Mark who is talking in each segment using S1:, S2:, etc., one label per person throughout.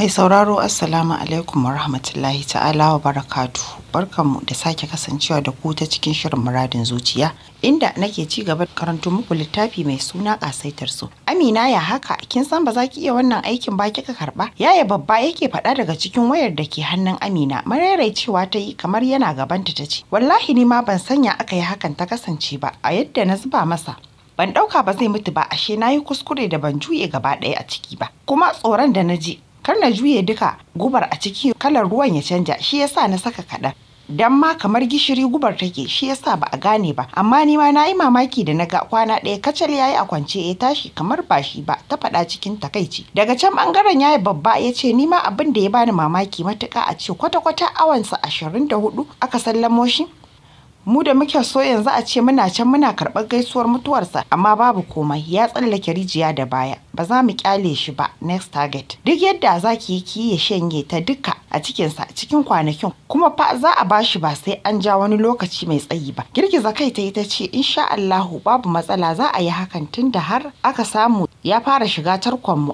S1: Mai sauraro Assalamu alaikum warahmatullahi ta'ala wa barakatu. Barkanmu da sake kasancewa da ku ta cikin shirin muradin zuciya inda nake ci gaba da karanto muku littafi mai suna kasaitar su. Amina ya haka kin san ba za ki iya wannan aikin ba kika karba? Yaya babba yake faɗa daga cikin wayar da ke hannun Amina cewa ta yi kamar yana gabanta ta ce wallahi ni ma ban sanya aka yi hakan ta kasance ba a yadda na zuba masa ban ɗauka ba zai mutu ba ashe na yi kuskure da ban juye gaba ɗaya a ciki ba kuma tsoron da na ji kar na juye duka gubar a ciki kalar ruwan ya canja shi yasa na saka kaɗan dan ma kamar gishiri gubar take shi yasa ba a gane ba amma ni ma na yi mamaki da naga kwana ɗaya kacal yayi a kwance ya tashi kamar ba shi ba ta faɗa cikin takaici daga can bangaren yayi babba ya ce ni ma abin da ya bani mamaki matuƙa a ce kwata-kwata awansa ashirin da hudu aka sallamo shi mu da muke so yanzu a ce muna can muna karɓar gaisuwar mutuwarsa amma babu komai ya tsallake rijiya da baya ba za mu kyale shi ba next target duk yadda za ki yi ki shanye ta duka a cikinsa cikin kwanakin kuma fa za a bashi ba sai an ja wani lokaci mai tsayi ba girgiza kai ta yi ta ce insha Allahu babu matsala za a yi hakan tun da har aka samu ya fara shiga tarkon mu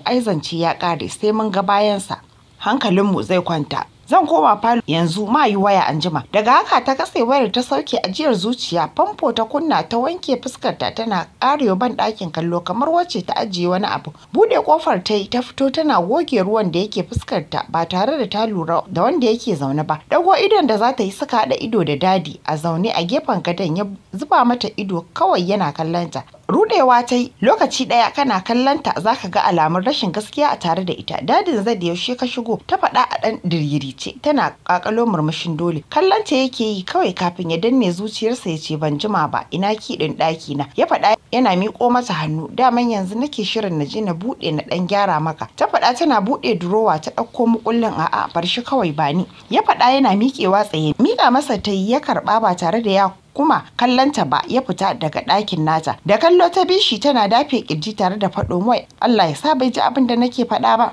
S1: ya ƙare sai mun ga bayansa hankalinmu zai kwanta zan koma falo yanzu ma yi waya anjima daga haka ta katse wayar ta sauke ajiyar zuciya famfo ta kunna ta wanke fuskarta tana karewa ban ɗakin kallo kamar wacce ta ajiye wani abu buɗe kofar ta yi ta fito tana goge ruwan da yake fuskarta ba tare da ta lura da wanda yake zaune ba dago idon da za ta yi suka haɗa ido da dadi a zaune a gefen gadon ya zuba mata ido kawai yana kallon ta rudewa ta yi lokaci ɗaya kana kallonta za ka ga alamun rashin gaskiya a tare da ita dadin zai da yaushe ka shigo ta faɗa a ɗan diriri ce. tana ƙaƙalo murmushin dole kallonta yake yi kawai kafin ya danne zuciyarsa ya ce ban jima ba ina kiɗin ɗaki na ya faɗa yana miƙo mata hannu daman yanzu nake shirin na je na buɗe na ɗan gyara maka ta faɗa tana buɗe durowa ta ɗauko mukullin a'a bar shi kawai ba ni. ya faɗa yana miƙewa tsaye miƙa masa ta yi ya karɓa ba tare da ya kuma kallonta ba ya fita daga ɗakin nata da kallo ta bishi tana dafe kirji tare da faɗo mai Allah ya sa bai ji abin da nake faɗa ba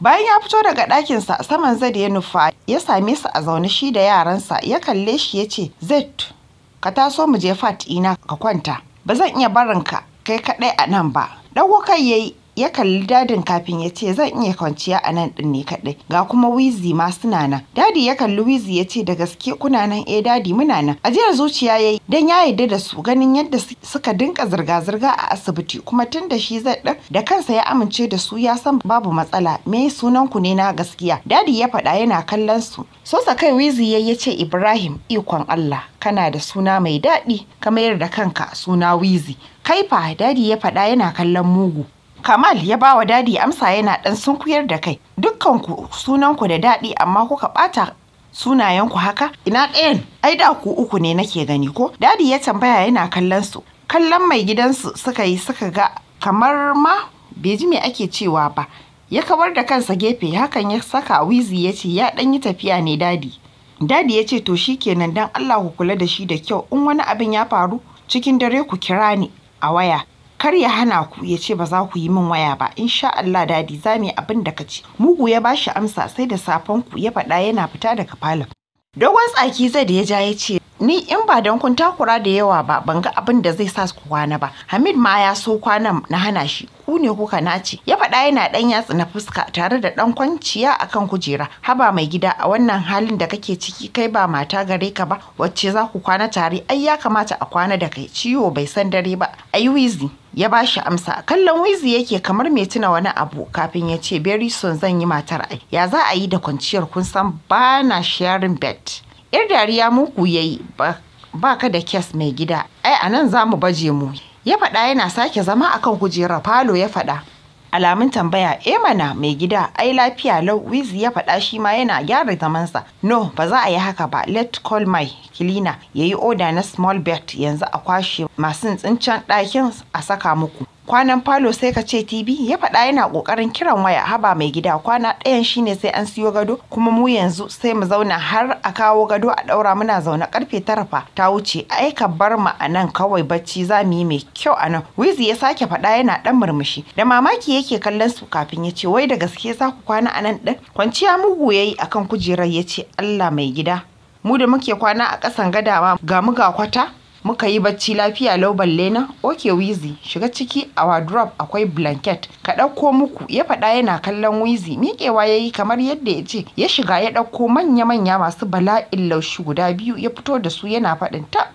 S1: bayan ya fito daga ɗakinsa saman zai ya nufa ya same su a zaune shi da yaransa ya kalle shi ya ce zet ka taso mu je fat ina ka kwanta ba zan iya barinka kai kaɗai a nan ba ɗauko kai yayi ya kalli dadin kafin ya ce zan iya kwanciya a nan din ne kaɗai ga kuma wizi ma suna nan dadi ya kalli wizi ya ce da gaske kuna nan eh dadi muna nan ajiyar zuciya yayi dan ya yarda da su ganin yadda suka dinka zirga-zirga a asibiti kuma tun da shi zai ɗin da kansa ya amince da su ya san babu matsala me sunan ku ne na gaskiya dadi ya faɗa yana kallon su sosa kai wizi ya ce ibrahim ikon allah kana da suna mai daɗi ka mayar da kanka suna wizi kaifa dadi ya faɗa yana kallon mugu Kamal ya ba wa dadi amsa yana ɗan sunkuyar da kai. Dukkanku sunanku da Dadi, amma kuka ɓata sunayenku haka? Ina ɗayan? Ai da ku uku ne nake gani ko? Dadi ya tambaya yana kallon su. Kallon mai gidansu suka yi suka ga kamar ma bai ji me ake cewa ba. Ya kawar da kansa gefe hakan ya saka wizi ya ce ya ɗan yi tafiya ne dadi. Dadi ya ce to shikenan dan Allah ku kula da shi da kyau in wani abin ya faru cikin dare ku kira ni a waya. kar ya hana ku ya ce ba za ku yi min waya ba in sha Allah dadi za mu yi abin da ka ce mugu ya bashi amsa sai da safon ku ya faɗa yana fita daga falon dogon tsaki zai da ya ja ya ce ni in ba don kun takura da yawa ba ban ga abin da zai sa ku kwana ba hamid ma ya so kwana na hana shi ku ne kuka nace ya faɗa yana ɗan yatsa na fuska tare da ɗan kwanciya akan kujera haba mai gida a wannan halin da kake ciki kai ba mata gare ka ba wacce za ku kwana tare ai ya kamata a kwana da kai ciwo bai san dare ba ai wizi ya ba shi amsa kallon wizi yake kamar mai tuna wani abu kafin ya ce berison zan yi matar ai ya za a yi da kwanciyar kun san ba na sharing bed 'yar dariya muku ya yi ba ka da kes mai gida ai a nan za mu baje mu ya faɗa yana sake zama akan kujerar falo ya faɗa alamun tambaya e mana mai gida ai lafiya lau wiz ya faɗa shi ma yana gyara zamansa no ba za a yi haka ba let call my cleaner. ya yi oda na small bet yanzu a kwashe masu tsincen ɗakin a saka muku kwanan falo sai ka ce tv ya faɗa yana ƙoƙarin kiran waya haba mai gida kwana ɗayan shine sai an siyo gado kuma mu yanzu sai mu zauna har a kawo gado a ɗaura muna zaune karfe tara fa ta wuce ai ka bar mu a nan kawai bacci za mu yi mai kyau a nan wizi ya sake faɗa yana ɗan murmushi da mamaki yake kallon su kafin ya ce wai da gaske za ku kwana a nan ɗin kwanciya mugu ya yi kan kujerar ya ce allah mai gida mu da muke kwana a ƙasan gadawa ga mu ga kwata muka yi bacci lafiya lau balle na oke wizi shiga ciki a wardrobe akwai blanket ka ɗauko muku ya faɗa yana kallon wizi miƙewa ya yi kamar yadda ya ce ya shiga ya ɗauko manya-manya masu bala'in laushi guda biyu ya fito da su yana faɗin ta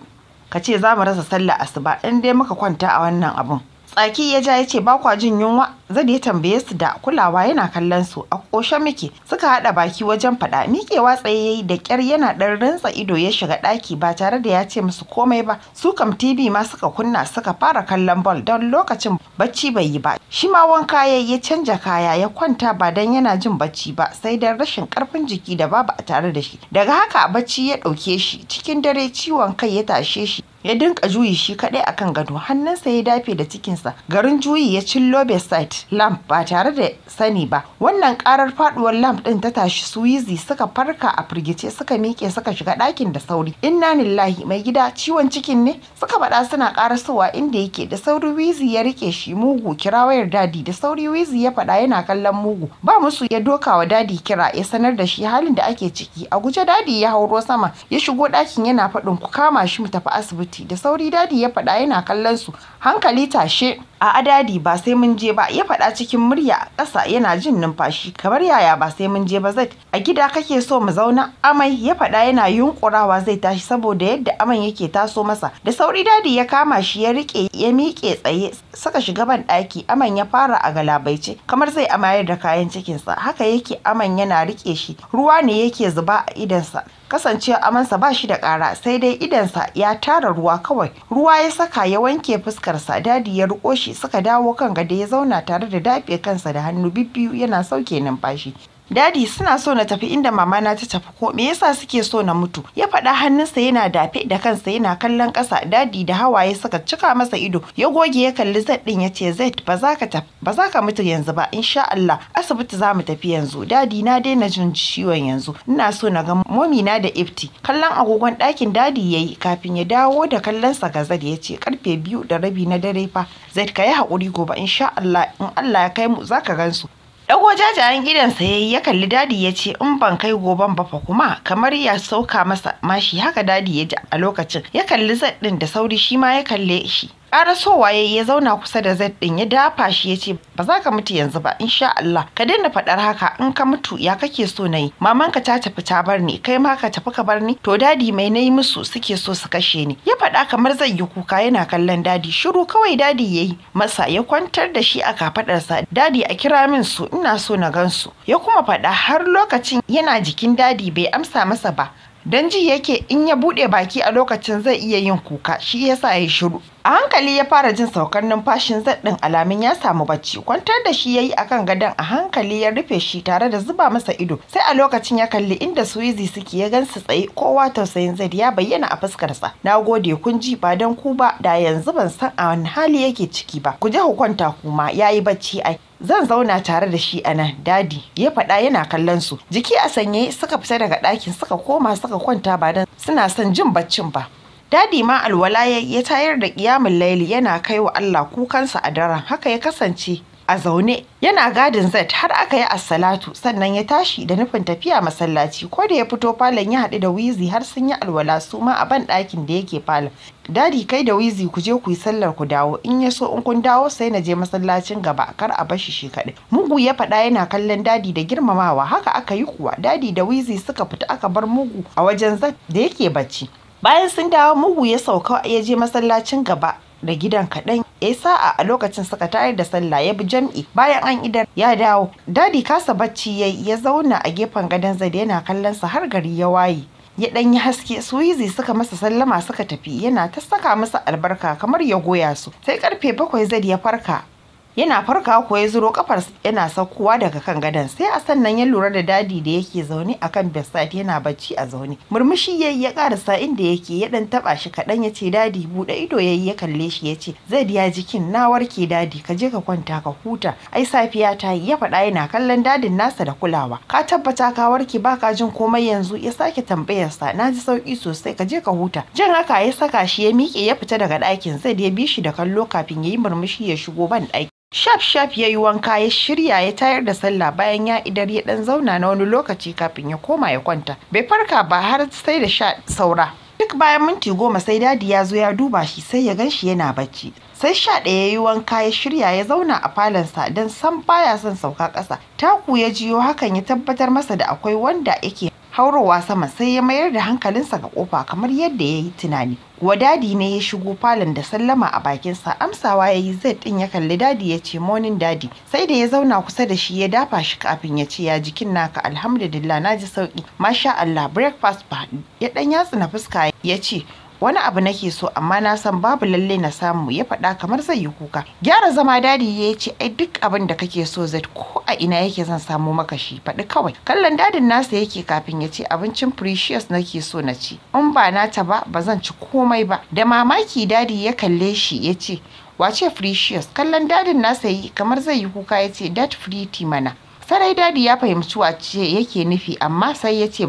S1: ka ce za mu rasa sallah asuba in dai muka kwanta a wannan abun tsaki ya ja ya ce ba kwa jin yunwa zan ya tambaye su da kulawa yana kallon su a koshe miki suka haɗa baki wajen faɗa mikewa tsaye yayi da kyar yana ɗan rantsa ido ya shiga ɗaki ba tare da ya ce musu komai ba su kam TV ma suka kunna suka fara kallon ball don lokacin bacci bai yi ba shi ma wanka yayi ya canja kaya ya kwanta ba dan yana jin bacci ba sai dan rashin karfin jiki da babu a tare da shi daga haka bacci ya ɗauke shi cikin dare ciwon kai ya tashe shi ya dinka juyi shi kaɗai akan gado hannunsa ya dafe da cikinsa garin juyi ya cillo bedside lamp ba tare da sani ba wannan karar faduwar lamp din ta tashi suwizi suka farka a firgice suka miƙe suka shiga ɗakin da sauri inna lillahi mai gida ciwon cikin ne suka faɗa suna karasowa inda yake da sauri wizi ya rike shi mugu kira wayar dadi da sauri wizi ya faɗa yana kallon mugu ba musu ya doka wa dadi kira ya sanar da shi halin da ake ciki a guje dadi ya hauro sama ya shigo ɗakin yana faɗin ku kama shi mu tafi asibiti da sauri dadi ya faɗa yana kallon su hankali tashe A'a dadi ba sai mun je ba ya faɗa cikin murya a ƙasa yana jin numfashi kamar yaya ba sai mun je ba zai a gida kake so mu zauna amai ya faɗa yana yunƙurawa zai tashi saboda yadda aman yake taso masa da sauri dadi ya kama shi ya riƙe ya miƙe tsaye Saka shiga ban ɗaki aman ya fara a galabaice kamar zai amayar da kayan cikinsa haka yake aman yana riƙe shi ruwa ne yake zuba a idansa kasance amansa ba shi da ƙara sai dai idansa ya tara ruwa kawai ruwa ya saka ya wanke fuskarsa dadi ya riko shi suka dawo kan gado ya zauna tare da dafe kansa da hannu bibbiyu yana sauke numfashi Dadi suna so na tafi inda mamana ta tafi ko me yasa suke so na mutu? Ya faɗa hannunsa yana dafe da kansa yana kallon ƙasa. Dadi da hawaye suka cika masa ido. Ya goge ya kalli Zaid din yace Zaid ba za ka tafi ba za ka mutu yanzu ba insha Allah. Asibiti za mu tafi yanzu. Dadi na daina jin ciwon yanzu. Ina so na ga na da Ifti. Kallon agogon ɗakin dadi yayi kafin ya dawo da kallonsa ga Zaid ce karfe biyu da rabi na dare fa. Zaid ka yi haƙuri gobe insha Allah in Allah ya kai mu za ka gansu. Dago jajayen gidansa ya yi ya kalli dadi ya ce in ban kai goban ba fa kuma kamar ya sauka masa mashi haka dadi ya ji a lokacin ya kalli zaɗin da sauri shi ma ya kalle shi so ya ya zauna kusa da Z ɗin ya dafa shi ya ce ba za ka mutu yanzu ba insha Allah ka daina faɗar haka in ka mutu ya kake so na yi ka ta tafi ta bar ni kai ma ka tafi ka bar ni to dadi mai nayi musu suke so su kashe ni ya faɗa kamar zai yi kuka yana kallon dadi shiru kawai dadi yayi masa ya kwantar da shi a sa dadi a kira min su ina so na gansu ya kuma faɗa har lokacin yana jikin dadi bai amsa masa ba don ji yake in ya buɗe baki a lokacin zai iya yin kuka shi yasa ya shiru a hankali ya fara jin saukar numfashin zaɗin alamin ya samu bacci kwantar da shi ya yi a kan gadon a hankali ya rufe shi tare da zuba masa ido sai a lokacin ya kalli inda suwizi suke ya gansu tsaye kowa tausayin zai ya bayyana a fuskarsa na gode kun ji ba don ku ba da yanzu ban san a wani hali yake ciki ba ku je ku kwanta kuma ya yi bacci ai zan zauna tare da shi a nan dadi ya faɗa yana kallon su jiki a sanye suka fita daga ɗakin suka koma suka kwanta ba don suna son jin baccin ba Dadi ma alwala ya tayar da ƙiyamin laili yana kai wa Allah kukansa a daren haka ya kasance a zaune yana gadin zat har aka yi assalatu sannan ya tashi da nufin tafiya masallaci ko da ya fito falon ya haɗu da wizi har sun yi alwala su ma a ban ɗakin da yake falon dadi kai da wizi ku je ku yi sallar ku dawo in ya so in kun dawo sai na je masallacin gaba kar a bashi shi kaɗai mugu ya faɗa yana kallon dadi da girmamawa haka aka yi kuwa dadi da wizi suka fita aka bar mugu a wajen zat da yake bacci bayan sun dawo mugu ya sauka ya je masallacin gaba da gidan kaɗan ya yi sa'a a lokacin suka tayar da sallah ya bi jam'i bayan an idan ya dawo dadi kasa bacci ya ya zauna a gefen gadon zai yana kallon sa har gari ya waye ya ɗan yi haske su yi suka masa sallama suka tafi yana ta saka masa albarka kamar ya goya su sai karfe bakwai zai ya farka yana farka ko ya zuro kafar yana saukowa daga kan gadon sai a sannan ya lura da dadi da yake zaune a kan bedside yana bacci a zaune murmushi yayi ya karasa inda yake ya dan taba shi kadan ya ce dadi bude ido yayi ya kalle shi yace ce zai diya jikin na warke dadi ka je ka kwanta ka huta ai safiya ta yi ya faɗa yana kallon dadin nasa da kulawa ka tabbata ka warke baka jin komai yanzu ya sake tambayarsa na ji sauki sosai ka je ka huta jin haka ya saka shi ya miƙe ya fita daga ɗakin zai da ya bi shi da kallo kafin ya yi murmushi ya shigo ban ɗaki Shaf-shaf ya yi wanka ya shirya ya tayar da sallah bayan ya idar ya ɗan zauna na wani lokaci kafin ya koma ya kwanta. Bai farka ba har sai da sha saura. Duk bayan minti goma sai dadi ya zo ya duba shi sai ya gan shi yana bacci. Sai sha ɗaya ya yi wanka ya shirya ya zauna a falonsa don san baya son sauka ƙasa. Taku ya jiyo hakan ya tabbatar masa da akwai wanda yake haurowa sama sai ya mayar da hankalinsa ga kofa kamar yadda ya yi tunani kuwa dadi ne ya shigo falon da sallama a bakinsa amsawa ya yi zai ɗin ya kalli dadi ya ce monin dadi sai da ya zauna kusa da shi ya dafa shi kafin ya ce ya jikin naka alhamdulillah na ji sauki masha Allah breakfast ba ya ɗan yatsu na fuska ya ce wani abu nake so amma na san babu lalle na samu ya faɗa kamar zai yi kuka gyara zama dadi ya ce ai duk abin da kake so zai ko a ina yake zan samu maka shi faɗi kawai kallon dadin nasa yake kafin ya ce abincin precious nake so na ci in ba na ta ba ba zan ci komai ba da mamaki dadi ya kalle shi ya ce wace precious kallon dadin nasa yi kamar zai yi kuka ya ce dat pretty mana sarai dadi ya fahimci wace yake nufi amma sai ya ce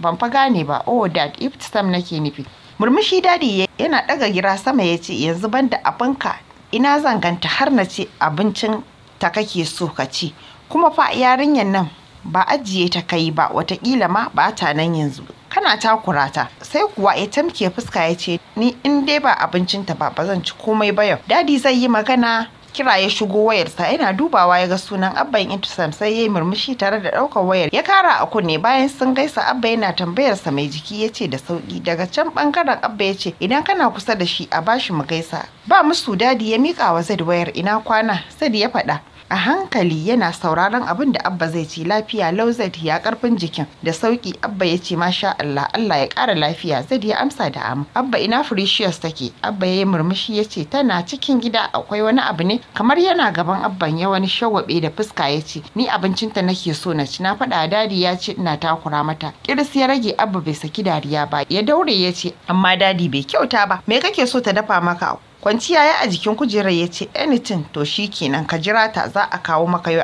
S1: ban fa gane ba oh dad if sam nake nufi murmushi dadi yana ɗaga gira sama ya ce yanzu ban da abinka ina zan ganta har na ce abincin ta kake so ka ci kuma fa yarinyar nan ba ajiye ta kai ba watakila ma ba ta nan yanzu kana takura ta sai kuwa ya tamke fuska ya ce ni in dai ba abincinta ba ba zan ci komai ba yau dadi zai yi magana kira ya shigo wayarsa yana dubawa ya ga sunan abban sam sai yayi murmushi tare da ɗaukar wayar ya kara a kunne bayan sun gaisa abba yana tambayarsa mai jiki ya ce da sauki daga can bangaren abba ya ce idan kana kusa da shi a bashi mu gaisa ba musu dadi ya miƙa wa zai wayar ina kwana zaid ya faɗa a hankali yana sauraron abin da abba zai ce lafiya lau zai ya karfin jikin da sauki abba ya ce masha Allah Allah ya kara lafiya zai ya amsa da amu abba ina Precious take abba ya yi murmushi ya ce tana cikin gida akwai wani abu ne kamar yana gaban abban ya wani shawabe da fuska ya ce ni abincinta nake so na ci na faɗa dadi ya ce ina takura mata kiris ya rage abba bai saki dariya ba ya daure ya ce amma dadi bai kyauta ba me kake so ta dafa maka kwanciya ya a jikin kujerar ya ce anything to shi kenan ka jira ta za a kawo maka yau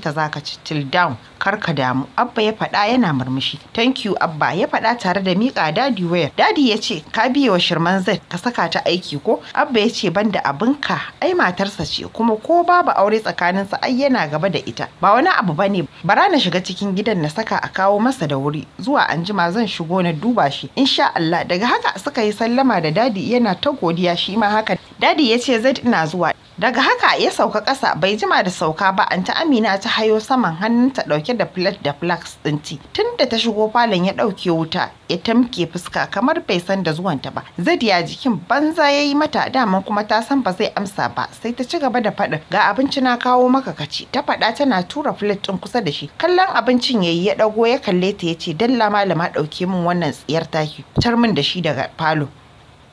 S1: ta za ka ci till down kar ka damu abba ya faɗa yana murmushi thank you abba ya faɗa tare da miƙa dadi wayar dadi ya ce ka biye wa shirman zai ka saka ta aiki ko abba ya ce banda ka, ai matarsa ce kuma ko babu aure tsakaninsa ai yana gaba da ita ba wani abu bane bara na shiga cikin gidan na saka a kawo masa da wuri zuwa anjima zan shigo na duba shi insha Allah daga haka suka yi sallama da dadi yana ta godiya shi ma haka dadi ya ce zai ina zuwa daga haka ya sauka ƙasa bai jima da sauka ba an ta amina ta hayo saman hannunta ɗauke da flat da flax ɗin ci. tun ta shigo falon ya ɗauke wuta ya tamke fuska kamar bai san da zuwanta ba zadiya jikin banza ya yi mata dama kuma ta san ba zai amsa ba sai ta ci gaba da faɗin ga abinci na kawo maka kaci ta faɗa tana tura flat ɗin kusa da shi kallon abincin ya yi ya ɗago ya kalle ta ya ce dalla malama ɗauke min wannan tsiyar taki tar min da shi daga falo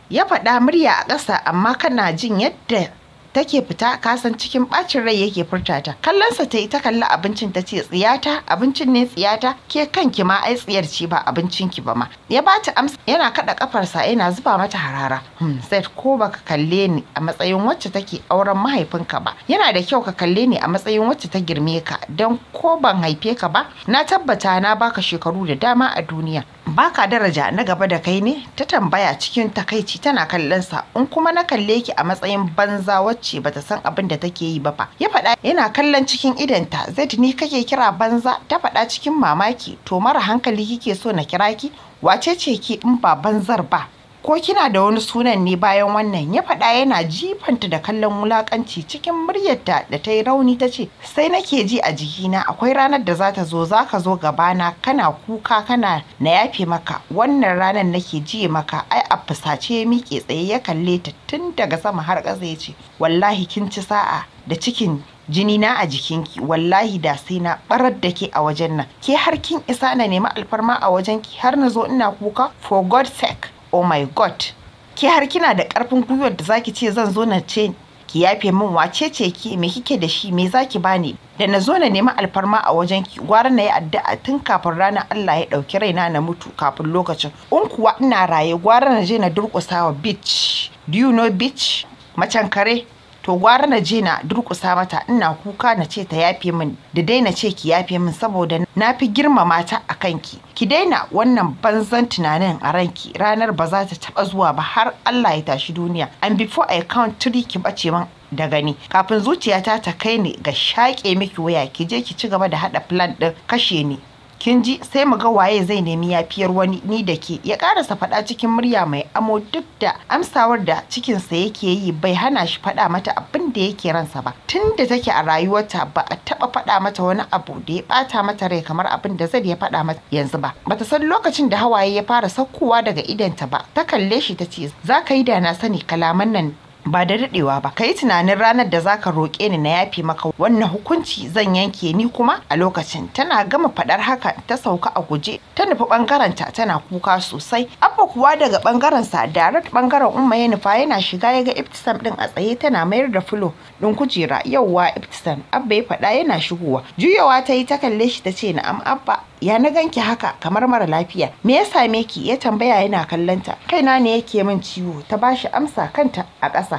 S1: ya faɗa murya a ƙasa amma kana jin yadda take fita ka san cikin bacin rai yake furtata. ta kallonsa ta yi ta kalli abincin ta ce tsiyata abincin ne tsiyata ke kanki ma ai tsiyar ci ba abincin ki ba ma ya bata amsa yana kada kafarsa yana zuba mata harara hmm said ko baka kalle ni a matsayin wacce take auren mahaifinka ba yana da kyau ka kalle ni a matsayin wacce ta girme ka don ko ban haife ka ba na tabbata na baka shekaru da dama a duniya baka daraja na gaba da kai ne ta tambaya cikin takaici tana kallon sa in kuma na kalle ki a matsayin banza wacce bata san abin da take yi ba fa ya faɗa yana kallon cikin idanta zai ni kake kira banza ta faɗa cikin mamaki to mara hankali kike so na kira ki wace ce ki in ba banzar ba ko kina da wani sunan ne bayan wannan ya faɗa yana jifanta da kallon wulakanci cikin muryarta da ta yi rauni ta ce sai nake ji a jikina akwai ranar da za ta zo za ka zo gabana kana kuka kana na yafe maka wannan ranar nake ji maka ai a fusace ya miƙe tsaye ya kalle ta tun daga sama har ƙasa ya ce wallahi kin ci sa'a da cikin jini na a jikinki wallahi da sai na barar da ke a wajen nan ke har kin isa na nemi alfarma a wajenki? har na zo ina kuka for god sake oh my god ke har kina da karfin gwiwar da zaki ce zan zo na ce ki yafe min wace ce ki me kike da shi me zaki bani da na zo na nemi alfarma a wajen ki gwara na yi addu'a tun kafin ranar Allah ya ɗauki raina na mutu kafin lokacin in kuwa ina raye gwara na je na durkusa wa beach do you know beach macan kare to gwara na je na durƙusa mata ina kuka na ce ta yafe min da dai na ce ki yafe min saboda na fi girmama ta a kanki ki daina wannan banzan tunanin a ranki ranar ba za ta taɓa zuwa ba har Allah ya tashi duniya and before I count three ki bace min da gani kafin zuciyata ta kai ni ga shaƙe miki waya ki je ki ci gaba da haɗa plan ɗin kashe ni kin ji sai mu ga waye zai nemi yafiyar wani ni da ke ya karasa faɗa cikin murya mai amo duk da amsawar da cikinsa yake yi bai hana shi faɗa mata abin da yake ransa ba tun da take a rayuwarta ba a taɓa faɗa mata wani abu da ya ɓata mata rai kamar abin da zai ya faɗa mata yanzu ba bata san lokacin da hawaye ya fara saukowa daga idanta ba ta kalle shi ta ce za ka yi da na sani kalaman nan ba da daɗewa ba ka yi tunanin ranar da za ka roƙe ni na yafe maka wannan hukunci zan yanke ni kuma a lokacin tana gama faɗar haka ta sauka a guje ta nufi ɓangarenta tana kuka sosai abba kuwa daga sa darat ɓangaren umma ya nufa yana shiga ya ga iftisam ɗin a tsaye tana mayar da fulo ɗin kujera yauwa iftisam abba ya faɗa yana shigowa juyawa ta yi ta kalle shi ta ce na'am abba ya na ganki haka kamar mara lafiya me ya same ki ya tambaya yana kallonta kaina ne yake min ciwo ta bashi amsa kanta a ƙasa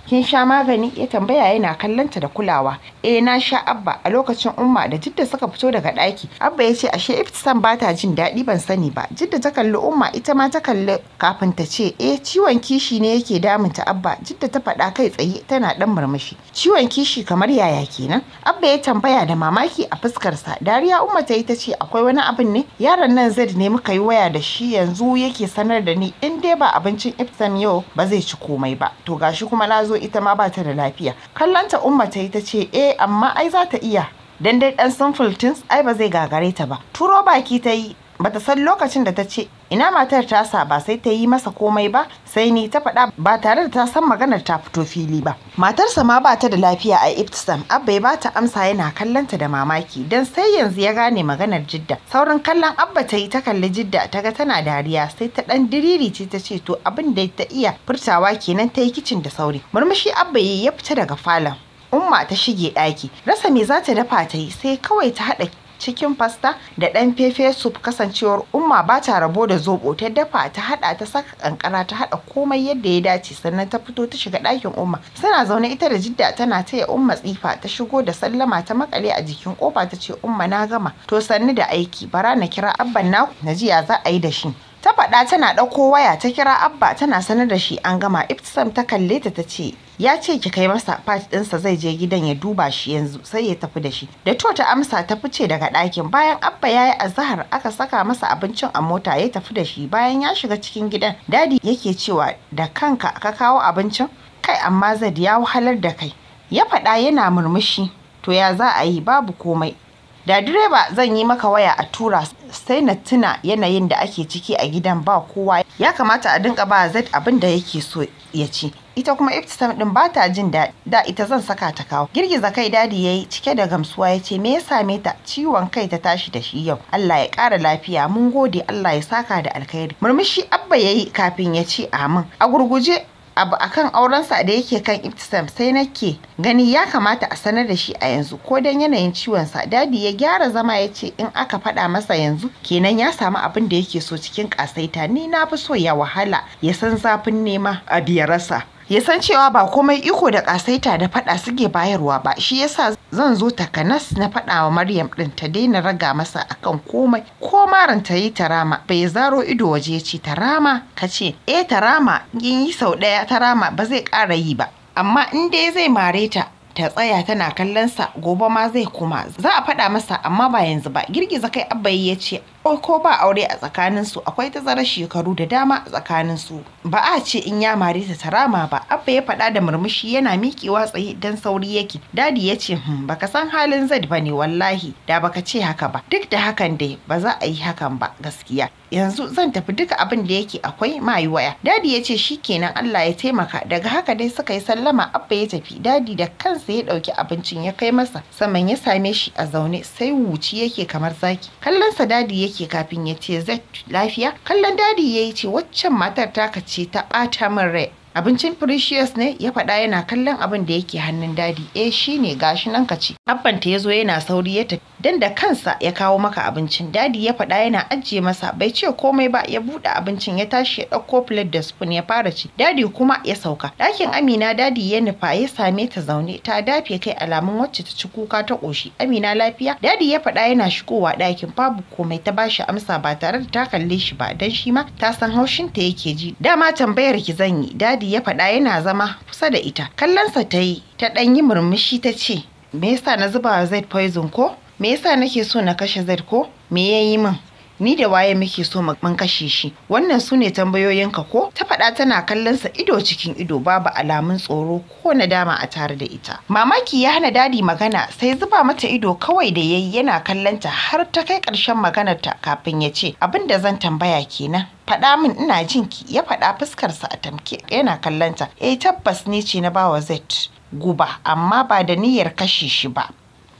S1: kin sha magani ya eh, tambaya yana kallonta da kulawa eh na sha abba a lokacin umma da jidda suka fito daga ɗaki abba ya ce ashe iftisan ba ta jin daɗi ban sani ba jidda ta kalli umma ita ma ta kalli kafin ta ce eh ciwon kishi ne yake damunta abba jidda ta faɗa kai tsaye tana ɗan murmushi ciwon kishi kamar yaya kenan abba ya tambaya da mamaki a fuskarsa dariya umma ta yi ta ce akwai wani abin ne yaron nan zai ne muka yi waya da shi yanzu yake sanar da ni in dai ba abincin iftisan yau ba zai ci komai ba to gashi kuma na zo ita ma ba ta da lafiya kallanta umma ta yi ta ce eh amma ai za ta iya dan dai dan samfultins ai ba zai gagare ta ba turo baki ta yi bata san lokacin da ta ce ina matar ta sa ba sai ta yi masa komai ba sai ni ta faɗa ba tare da ta san maganar ta fito fili ba matarsa ma ba ta da lafiya a ibtisam abba ya ba ta amsa yana kallonta da mamaki dan sai yanzu ya gane maganar jidda saurin kallon abba ta yi ta kalli jidda ta ga tana dariya sai ta ɗan diriri ce ta ce to abin da ta iya furtawa kenan ta yi kicin da sauri murmushi abba ya fita daga falon umma ta shige ɗaki rasa me za ta dafa ta yi sai kawai ta haɗa cikin fasta da ɗan fefe soup kasancewar umma ba ta rabo da zobo ta dafa ta haɗa ta saka kankara ta haɗa komai yadda ya dace sannan ta fito ta shiga ɗakin umma suna zaune ita da jidda tana taya umma tsifa ta shigo da sallama ta makale a jikin kofa ta ce umma na gama to sanni da aiki bara na kira abban na na jiya za a yi da shi ta faɗa tana ɗauko waya ta kira abba tana sanar da shi an gama iftisam ta kalle ta ta ce ya ce ki kai masa fat ɗinsa zai je gidan ya duba shi yanzu sai ya tafi da shi da to ta amsa ta fice daga ɗakin bayan abba ya yi azahar aka saka masa abincin a mota ya tafi da shi bayan ya shiga cikin gidan dadi yake cewa da kanka ka kawo abincin kai amma zad ya wahalar da kai ya faɗa yana murmushi to ya za a yi babu komai da direba zan yi maka waya a tura sai na tuna yanayin da ake ciki a gidan ba kowa ya kamata a dinka ba zai abin da yake so ya ci ita kuma iftisam din ba ta jin daɗi da ita zan saka ta kawo girgiza kai dadi ya yi cike da gamsuwa ya ce me ya same ta ciwon kai ta tashi da shi yau allah ya ƙara lafiya mun gode allah ya saka da alkhairi murmushi abba ya yi kafin ya ce amin a gurguje abu a kan aurensa da yake kan Ibtisam sai nake gani ya kamata a sanar da shi a yanzu ko dan yanayin ciwon sa dadi ya gyara zama ya ce in aka faɗa masa yanzu kenan ya samu abin da yake so cikin ƙasaita, ni na fi so ya wahala ya san zafin nema a biyararsa ya san cewa ba komai iko da ƙasaita da faɗa suke bayarwa ba shi yasa zan zo takanas na fada wa Maryam ɗin ta daina raga masa akan komai ko marin ta yi tarama bai zaro ido waje ce tarama kace eh tarama in yi sau daya tarama ba zai ƙara yi ba amma in dai zai mare ta ta tsaya tana kallon sa gobe ma zai kuma za a faɗa masa amma ba yanzu ba girgiza kai abba ya ce ko ba aure a tsakanin su akwai tazarar shekaru da dama a su ba a ce in ya mare ta tarama ba abba ya faɗa da murmushi yana miƙewa tsaye dan sauri yake dadi ya ce hmm, baka san halin zaid ba ne wallahi da baka ce haka ba duk da hakan dai ba za a yi hakan ba gaskiya yanzu zan tafi duka abin da yake akwai mai waya dadi ya ce shikenan Allah ya taimaka daga haka dai suka yi sallama abba ya tafi dadi da kansa ya ɗauki abincin ya kai masa saman ya same shi a zaune sai wuci yake kamar zaki kallon sa dadi yake yake kafin ya ce zai lafiya kallon dadi ya yi ce waccan matar taka ce ta ɓata min rai abincin precious ne ya faɗa yana kallon abin da yake hannun dadi eh shi ne, gashi nan ka ci ta ya zo yana sauri ya tafi dan da kansa ya kawo maka abincin dadi ya faɗa yana ajiye masa bai ce komai ba ya buɗe abincin ya tashi ya ɗauko plate da spoon ya fara ci dadi kuma ya sauka ɗakin amina dadi ya nufa ya same ta zaune ta dafe kai alamun wacce ta ci kuka ta ƙoshi amina lafiya dadi ya faɗa yana shigowa ɗakin babu komai ta bashi amsa ba tare da ta kalle shi ba dan shi ma ta san haushin ta yake ji dama tambayar ki zan yi dadi Dadi ya faɗa yana zama kusa da ita. Kallonsa ta yi, ta ɗan yi murmushi ta ce, Me yasa na zuba wa Zaid poison ko? Me yasa nake so na kashe Zaid ko? Me ya yi min? ni da waye muke so mun kashe shi wannan su ne tambayoyinka ko ta faɗa tana kallon sa ido cikin ido babu alamun tsoro ko nadama a tare da ita mamaki ya hana dadi magana sai zuba mata ido kawai da yayi yana kallon ta har ta kai ƙarshen maganar ta kafin ya ce abin da zan tambaya kenan faɗa min ina jinki ya faɗa fuskarsa a tamke yana ta eh tabbas ni ce na bawa zet guba amma ba da niyyar kashe shi ba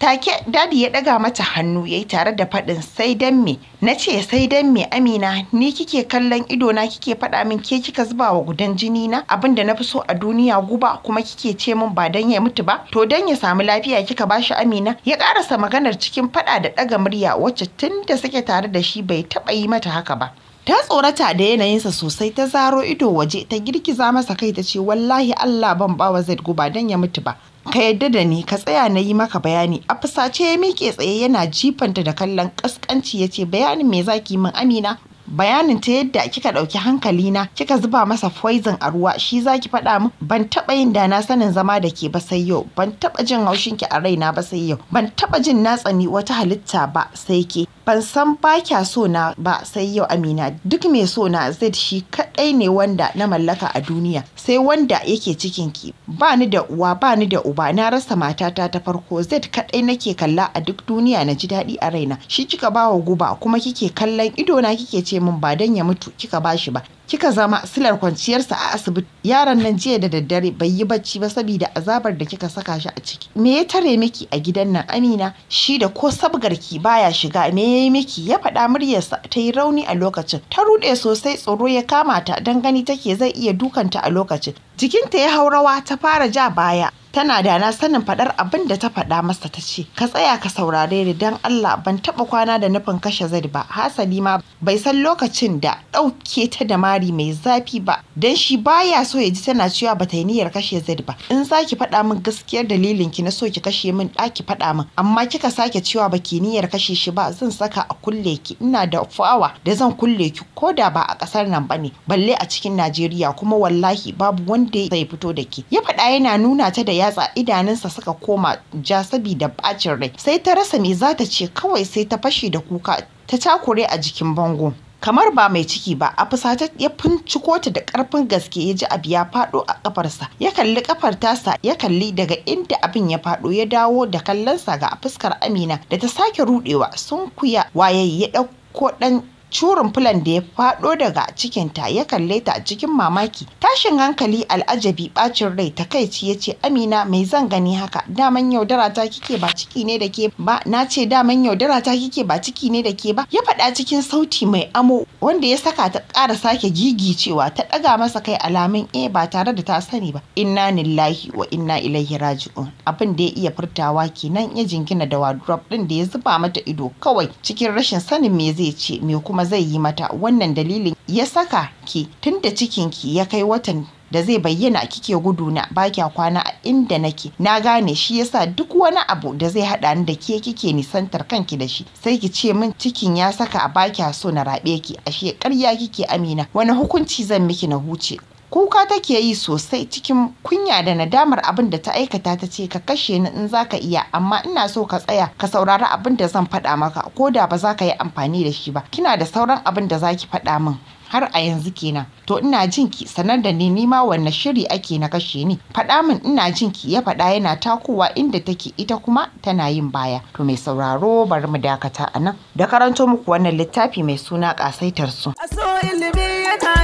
S1: Take dadi ya ɗaga mata hannu yayi tare da faɗin sai dan me na sai dan me Amina ni kike kallon ido na kike faɗa min ke kika zuba wa gudan jini na abin da na fi so a duniya guba kuma kike ce min ba dan ya mutu ba to dan ya samu lafiya kika bashi Amina ya karasa maganar cikin faɗa da ɗaga murya wacce tun da suke tare da shi bai taɓa yi mata haka ba. ta tsorata da yanayinsa sosai ta zaro ido waje ta girgiza masa kai ta ce wallahi Allah ban bawa Zaid guba dan ya mutu ba ka yadda da ni ka tsaya na yi maka bayani a fusace ya miƙe tsaye yana jifanta da kallon ƙasƙanci ya ce bayanin mai za ki min amina bayanin ta yadda kika ɗauki hankali na kika zuba masa poison a ruwa shi za ki faɗa min ban taɓa yin dana sanin zama da ke ba sai yau ban taɓa jin haushin ki a raina ba sai yau ban taɓa jin na tsani wata halitta ba sai ke ban san ba kya so na ba sai yau amina duk mai so na zai shi kaɗai kaɗai ne wanda na mallaka a duniya sai wanda yake cikin ki ba ni da uwa ba ni da uba na rasa matata ta farko Z kaɗai nake kalla a duk duniya na ji daɗi a raina shi kika bawa guba kuma kike kallon idona kike ce min ba dan ya mutu kika bashi ba kika zama silar kwanciyarsa a asibiti yaron nan jiya da daddare bai yi bacci ba saboda azabar da kika saka shi a ciki me ya tare miki a gidan nan amina shi da ko sabgarki baya shiga me ya yi miki ya faɗa muryarsa ta yi rauni a lokacin ta ruɗe sosai tsoro ya kama ta don gani take zai iya dukanta a lokacin Jikinta ya hau rawa ta fara ja baya. Tana da na sanin faɗar abin da ta faɗa masa ta ce, Ka tsaya ka saurare ni dan Allah ban taɓa kwana da nufin kashe zai ba, hasali ma bai san lokacin da ɗauke ta da mari mai zafi ba, dan shi baya so ya ji tana cewa ba ta yi niyyar kashe zai ba. In za ki faɗa min gaskiyar dalilin ki na so ki kashe min ɗaki faɗa min, amma kika sake cewa ba ki niyyar kashe shi ba zan saka a kulle ki ina da fawa da zan kulle ki ko da ba a ƙasar nan ba ne, balle a cikin Najeriya kuma wallahi babu wani wanda zai fito da ke ya faɗa yana nuna ta da yatsa idanunsa suka koma ja sabida bacin rai sai ta rasa me za ta ce kawai sai ta fashe da kuka ta takure a jikin bango kamar ba mai ciki ba a fusata ya finci ta da karfin gaske ya ji abu ya faɗo a ƙafarsa, ya kalli kafar tasa ya kalli daga inda abin ya faɗo ya dawo da kallonsa ga fuskar amina da ta sake rudewa sun kuya waye ya ɗan dan curin fulan da ya faɗo daga cikinta ya kalle ta cikin mamaki tashin hankali al'ajabi bacin rai ta ya ce amina mai zan gani haka daman yaudara ta kike ba ciki ne da ke ba na ce daman yaudara ta kike ba ciki ne da ke ba ya faɗa cikin sauti mai amo wanda ya saka ta ƙara sake gigicewa ta ɗaga masa kai alamun e ba tare da ta sani ba inna lillahi wa inna ilaihi raji'un abin da ya iya furtawa kenan ya jingina da wardrobe ɗin da ya zuba mata ido kawai cikin rashin sanin me zai ce me kuma kuma zai yi mata wannan dalilin ya saka ki tun tunda cikinki ya kai watan da zai bayyana kike gudu na bakya kwana a inda nake na gane shi yasa duk wani abu da zai hada ni da ke kike nisantar kanki da shi sai ki ce min cikin ya saka a bakya so na rabe ki ashe ƙarya kike amina wani hukunci zan miki na huce kuka take yi sosai cikin kunya da nadamar abin da ta aikata ta ce ka kashe ni in zaka iya amma ina so ka tsaya ka saurari abin da zan faɗa maka ko da ba za ka yi amfani da shi ba kina da sauran abin da zaki faɗa min har a yanzu kenan to ina jin ki sanar da ni nima wanne shiri ake na kashe ni faɗa min ina jin ki ya faɗa yana takowa inda take ita kuma tana yin baya to mai sauraro bari mu dakata anan da karanto muku wannan littafi mai suna kasaitar su so ilimi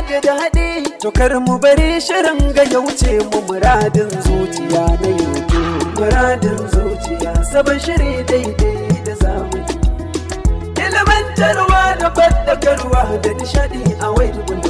S1: da daɗi to kar mu bari shirin ga yauce mu muradin zuciya na yanzu muradin zuciya sabon shiri daidai da zamani ilimantarwa da fadakarwa da nishaɗi a wai